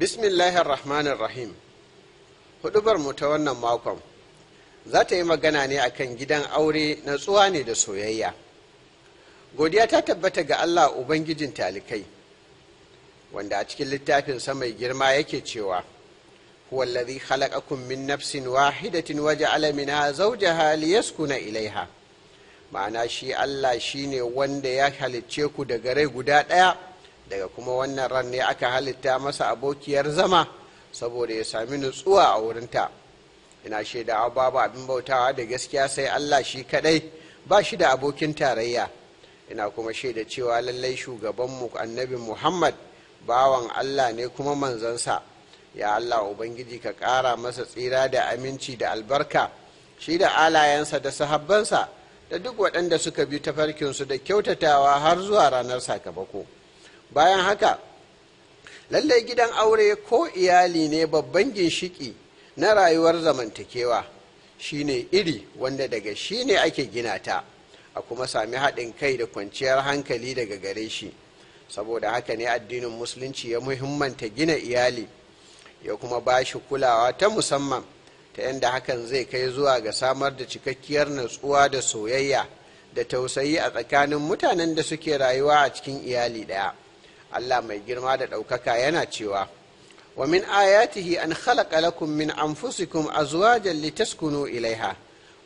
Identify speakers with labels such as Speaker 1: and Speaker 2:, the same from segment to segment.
Speaker 1: bismillahir rahmanir rahim hudubar mu ta wannan makon za ta yi magana ne akan gidan aure na tsuwa ne da soyayya godiya ta tabbata ga allah ubangijin talikai wanda a cikin littafin sa mai girma yake cewa huwa alladhi khalaqakum min nafsin wahidatin waja'ala minha zawjaha liyaskuna ilaiha ma'ana shi allah shine wanda ya halicce ku daga rai guda ɗaya daga kuma wannan ran ne aka halitta masa abokiyar zama saboda ya sami nutsuwa a wurinta ina shaida babu abin bautawa da gaskiya sai allah shi kadai ba shi da abokin tarayya ina kuma shaida cewa lallai shugabanmu annabi muhammad bawan allah ne kuma manzansa ya allah ubangiji ka kara masa tsira da aminci da albarka shi da alayensa da sahabbansa da duk waɗanda suka bi tafarkinsu da kyautatawa har zuwa ranar sakamako. bayan haka lallai gidan aure ko iyali ne babban ginshiki na rayuwar zamantakewa shine iri wanda daga shi ne ake gina ta a kuma sami haɗin kai da kwanciyar hankali daga gare shi saboda haka ne addinin musulunci ya muhimmanta gina iyali ya kuma ba shi kulawa ta musamman ta yadda hakan zai kai zuwa ga samar da cikakkiyar natsuwa da soyayya da tausayi a tsakanin mutanen da suke rayuwa a cikin iyali ɗaya. Allah mai girma da ɗaukaka yana cewa wa min ayatihi an khalaqa lakum min anfusikum azwajan litaskunu ilaiha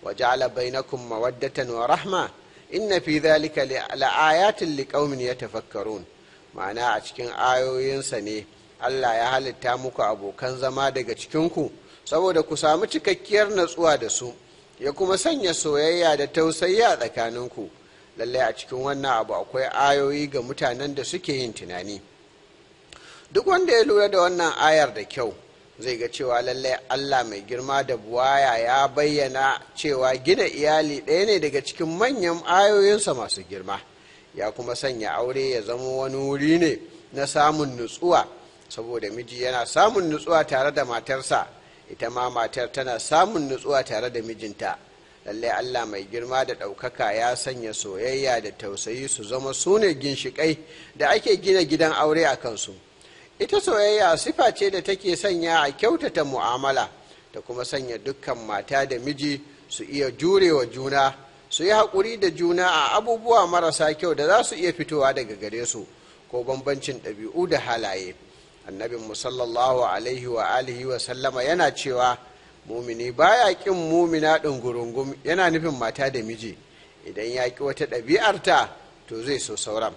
Speaker 1: wa ja'ala bainakum mawaddatan wa rahma inna fi dhalika la'ayatin liqaumin yatafakkarun ma'ana a cikin ayoyinsa ne Allah ya halitta muku abokan zama daga cikin ku saboda ku samu cikakkiyar natsuwa da su ya kuma sanya soyayya da tausayi a tsakaninku lallai a cikin wannan abu akwai ayoyi ga mutanen da suke yin tunani duk wanda ya lura da wannan ayar da kyau zai ga cewa lallai allah mai girma da buwaya ya bayyana cewa gina iyali ɗaya ne daga cikin manyan ayoyinsa masu girma ya kuma sanya aure ya zama wani wuri ne na samun nutsuwa saboda miji yana samun nutsuwa tare da matarsa ita ma matar tana samun nutsuwa tare da mijinta Lallai allah mai girma da ɗaukaka ya sanya soyayya da tausayi su zama su ne ginshiƙai da ake gina gidan aure a kansu ita soyayya sifa ce da take sanya a kyautata mu'amala ta kuma sanya dukkan mata da miji su iya jurewa juna su yi haƙuri da juna a abubuwa marasa kyau da za su iya fitowa daga gare su ko bambancin ɗabi'u da halaye annabin musallallahu alaihi wa alihi wa sallama yana cewa mumini baya kin mumina ɗin gurungum yana nufin mata da miji idan ya ki wata ɗabi'arta to zai so sauran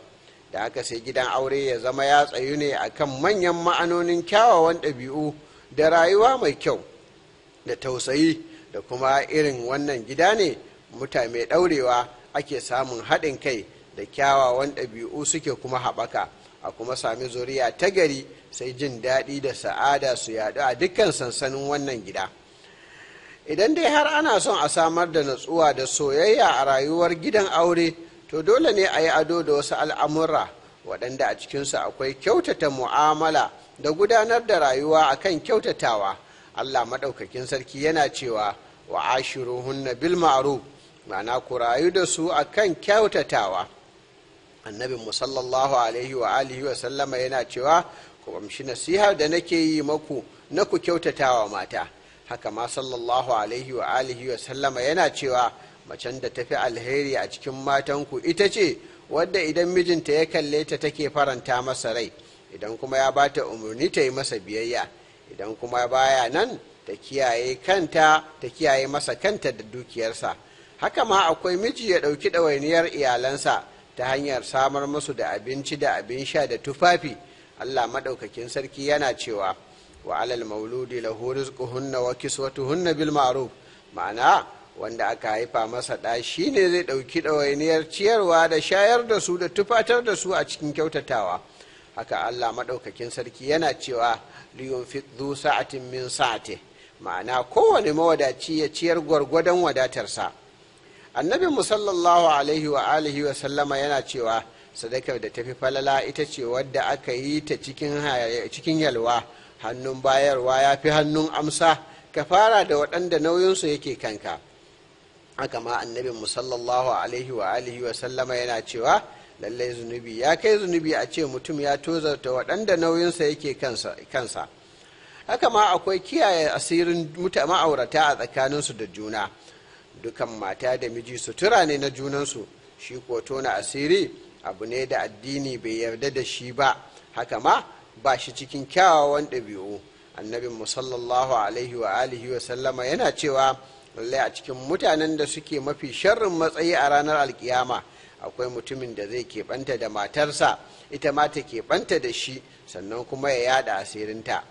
Speaker 1: da aka sai gidan aure ya zama ya tsayu ne akan manyan ma'anonin kyawawan ɗabi'u da rayuwa mai kyau da tausayi da kuma irin wannan gida ne mutane ɗaurewa ake samun haɗin kai da kyawawan ɗabi'u suke kuma haɓaka a kuma sami zuriya ta gari sai jin daɗi da sa'ada su yaɗu a dukkan sansanin wannan gida. idan dai har ana son a samar da natsuwa da soyayya a rayuwar gidan aure to dole ne a yi ado da wasu al'amura waɗanda a cikinsu akwai kyautata mu'amala da gudanar da rayuwa a kan kyautatawa allah maɗaukakin sarki yana cewa wa ashiruhunna bil ma'ruf ma'ana ku rayu da su a kan kyautatawa Annabi musallallahu alaihi wa alihi wa sallama yana cewa ku bamshi nasiha da nake yi maku na ku kyautatawa mata haka ma sallallahu alaihi wa alihi wa sallama yana cewa macen da tafi alheri a cikin matanku ita ce wadda idan mijinta ya kalle ta take faranta masa rai idan kuma ya bata umarni ta yi masa biyayya idan kuma baya nan ta kiyaye kanta ta kiyaye masa kanta da dukiyarsa haka ma akwai miji ya ɗauki ɗawainiyar iyalansa ta hanyar samar musu da abinci da abin sha da tufafi allah maɗaukakin sarki yana cewa wa alal mauludi lahu rizquhunna wa kiswatuhunna bil ma'ruf ma'ana wanda aka haifa masa ɗa shi ne zai ɗauki ɗawainiyar ciyarwa da shayar da su da tufatar da su a cikin kyautatawa haka allah maɗaukakin sarki yana cewa liyun zu sa'atin min sa'ati ma'ana kowane mawadaci ya ciyar gwargwadon wadatarsa annabi musallallahu alaihi wa alihi wa sallama yana cewa sadakar da tafi falala ita ce wadda aka yi ta cikin yalwa hannun bayarwa ya fi hannun amsa ka fara da waɗanda nauyinsu yake kanka haka ma annabin musallallahu alaihi wa alihi wa sallama yana cewa lallai zunubi ya kai zunubi a ce mutum ya tozarta waɗanda nauyinsa yake kansa haka ma akwai kiyaye asirin ma'aurata a tsakaninsu da juna dukan mata da miji sutura ne na junansu shi ko tona asiri abu ne da addini bai yarda da shi ba haka ma ba shi cikin kyawawan ɗabi'u Annabi musallallahu alaihi wa alihi wa sallama yana cewa lallai a cikin mutanen da suke mafi sharrin matsayi a ranar alkiyama akwai mutumin da zai keɓanta da matarsa ita ma ta keɓanta da shi sannan kuma ya yada asirinta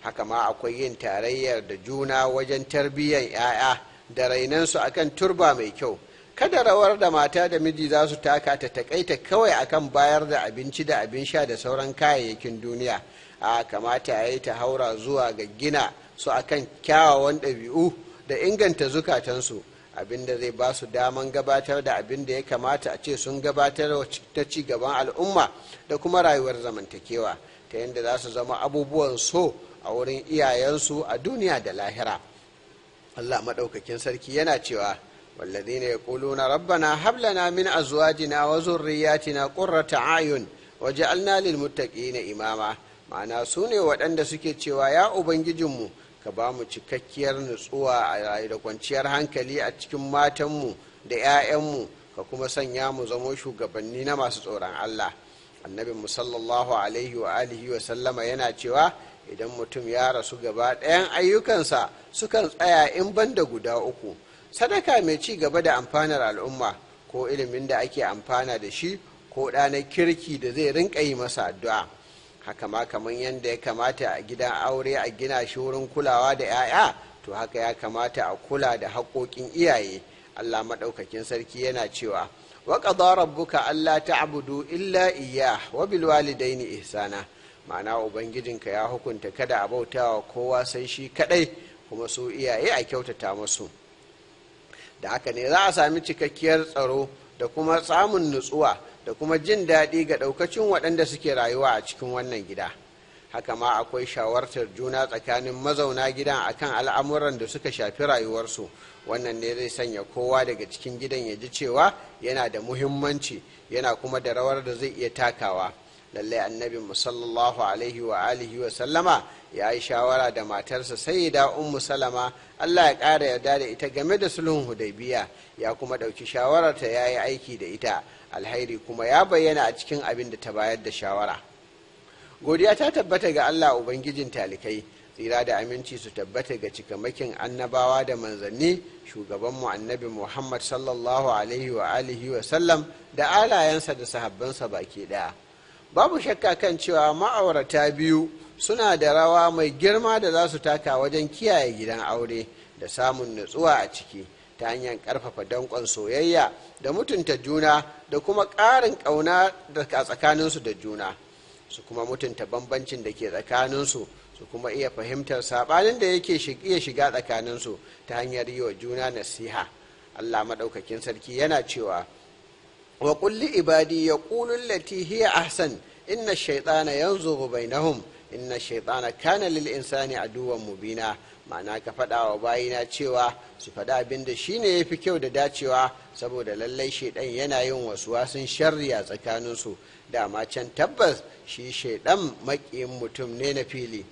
Speaker 1: haka ma akwai yin tarayyar da juna wajen tarbiyyar 'ya'ya da rainansu akan turba mai kyau kada rawar da mata da miji za su taka ta takaita kawai akan bayar da abinci da abin sha da sauran kayayyakin duniya a kamata ya yi ta haura zuwa ga gina su akan kyawawan ɗabi'u da inganta zukatansu da zai ba su daman gabatar da abin da ya kamata a ce sun gabatar ta ci gaban al'umma da kuma rayuwar zamantakewa ta yadda za su zama abubuwan so a wurin iyayensu a duniya da lahira allah maɗaukakin sarki yana cewa والذين يقولون ربنا هب لنا من ازواجنا وذرياتنا قرة اعين وجعلنا للمتقين اماما ma'ana su ne waɗanda suke cewa ya ubangijinmu ka ba mu cikakkiyar nutsuwa da kwanciyar hankali a cikin matanmu da 'ya'yanmu ka kuma sanya mu zamo shugabanni na masu tsoron allah annabin sallallahu alaihi wa alihi wa sallama yana cewa idan mutum ya rasu gaba ɗayan ayyukansa sukan tsaya in banda guda uku sadaka mai ci gaba da amfanar al'umma ko ilimin da ake amfana da shi ko ɗanar kirki da zai rinka yi masa addu'a haka ma kamar yadda ya kamata a gidan aure a gina shi wurin kulawa da 'ya'ya to haka ya kamata a kula da haƙoƙin iyaye allah maɗaukakin sarki yana cewa wa rabbuka ta ta'abudu illa iya. wa bil walidaini ihsana ma'ana ubangijinka ya hukunta kada a bautawa kowa sai shi kaɗai kuma su iyaye a kyautata musu da haka ne za a sami cikakkiyar tsaro da kuma samun nutsuwa da kuma jin daɗi ga ɗaukacin waɗanda suke rayuwa a cikin wannan gida haka ma akwai shawartar juna tsakanin mazauna gidan akan al'amuran da suka shafi rayuwarsu wannan ne zai sanya kowa daga cikin gidan ya ji cewa yana da muhimmanci yana kuma da rawar da zai iya takawa lallai annabin sallallahu alaihi wa alihi wa sallama ya yi shawara da matarsa sayyida ummu salama Allah ya ƙara yarda da ita game da sulhun hudaybiya ya kuma ɗauki ta ya yi aiki da ita alhairi kuma ya bayyana a cikin abin da ta bayar da shawara godiya ta tabbata ga Allah ubangijin talikai tsira da aminci su tabbata ga cikamakin annabawa da manzanni shugabanmu annabi muhammad sallallahu alaihi wa alihi wa sallam da alayensa da sahabbansa baki daya babu shakka kan cewa ma'aurata biyu suna da rawa mai girma da za su taka wajen kiyaye gidan aure da samun nutsuwa a ciki ta hanyar ƙarfafa danƙon soyayya da mutunta juna da kuma ƙarin ƙauna da a tsakaninsu da juna su kuma mutunta bambancin da ke tsakaninsu su kuma iya fahimtar saɓanin da yake iya shiga tsakaninsu ta hanyar yi wa juna nasiha allah maɗaukakin sarki yana cewa wa kulli ibadi ya kulun lati hiya ahsan inna shaitana yanzu bainahum inna shaitana kana lil insani aduwan mubina ma'ana ka faɗa wa bayina cewa su faɗa abin da shi ne ya fi kyau da dacewa saboda lallai shaidan yana yin wasu wasun sharriya tsakaninsu dama can tabbas shi shaidan maƙiyin mutum ne na fili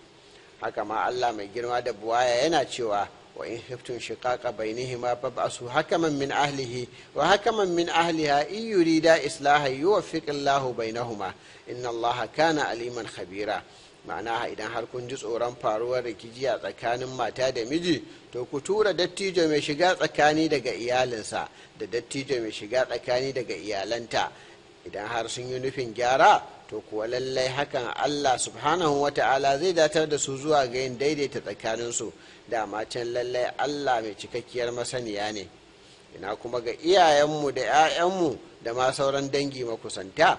Speaker 1: haka ma allah mai girma da buwaya yana cewa وإن خفتم شقاق بينهما فابعثوا حكما من أهله وحكما من أهلها إن يريدا إصلاحا يوفق الله بينهما إن الله كان aliman khabira. ma'ana idan har kun ji tsoron faruwar rikici a tsakanin mata da miji to ku tura dattijo mai shiga tsakani daga iyalinsa da dattijo mai shiga tsakani daga iyalanta idan har sun yi nufin gyara to kuwa lallai hakan Allah subhanahu wa ta'ala zai datar da su zuwa ga yin daidaita tsakaninsu da can lallai Allah mai cikakkiyar masaniya ne ina kuma ga iyayenmu da 'ya'yanmu da ma sauran dangi makusanta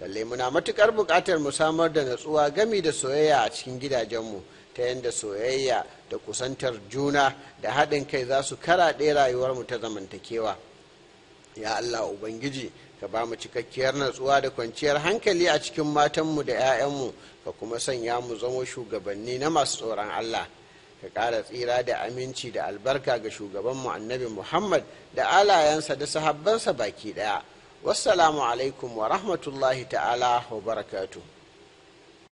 Speaker 1: lallai muna matukar buƙatar mu samar da natsuwa gami da soyayya a cikin gidajenmu ta yadda soyayya da kusantar juna da haɗin kai za su kara karaɗe rayuwarmu ta zamantakewa. ya allah ubangiji ka ba mu cikakkiyar natsuwa da kwanciyar hankali a cikin matanmu da 'ya'yanmu ka kuma sanya mu zamo shugabanni na masu tsoron allah ka ƙara tsira da aminci da albarka ga shugabanmu annabi muhammad da alayensa da sahabbansa baki ɗaya wassalamu alaikum wa rahmatullahi ta'ala wa barakatuh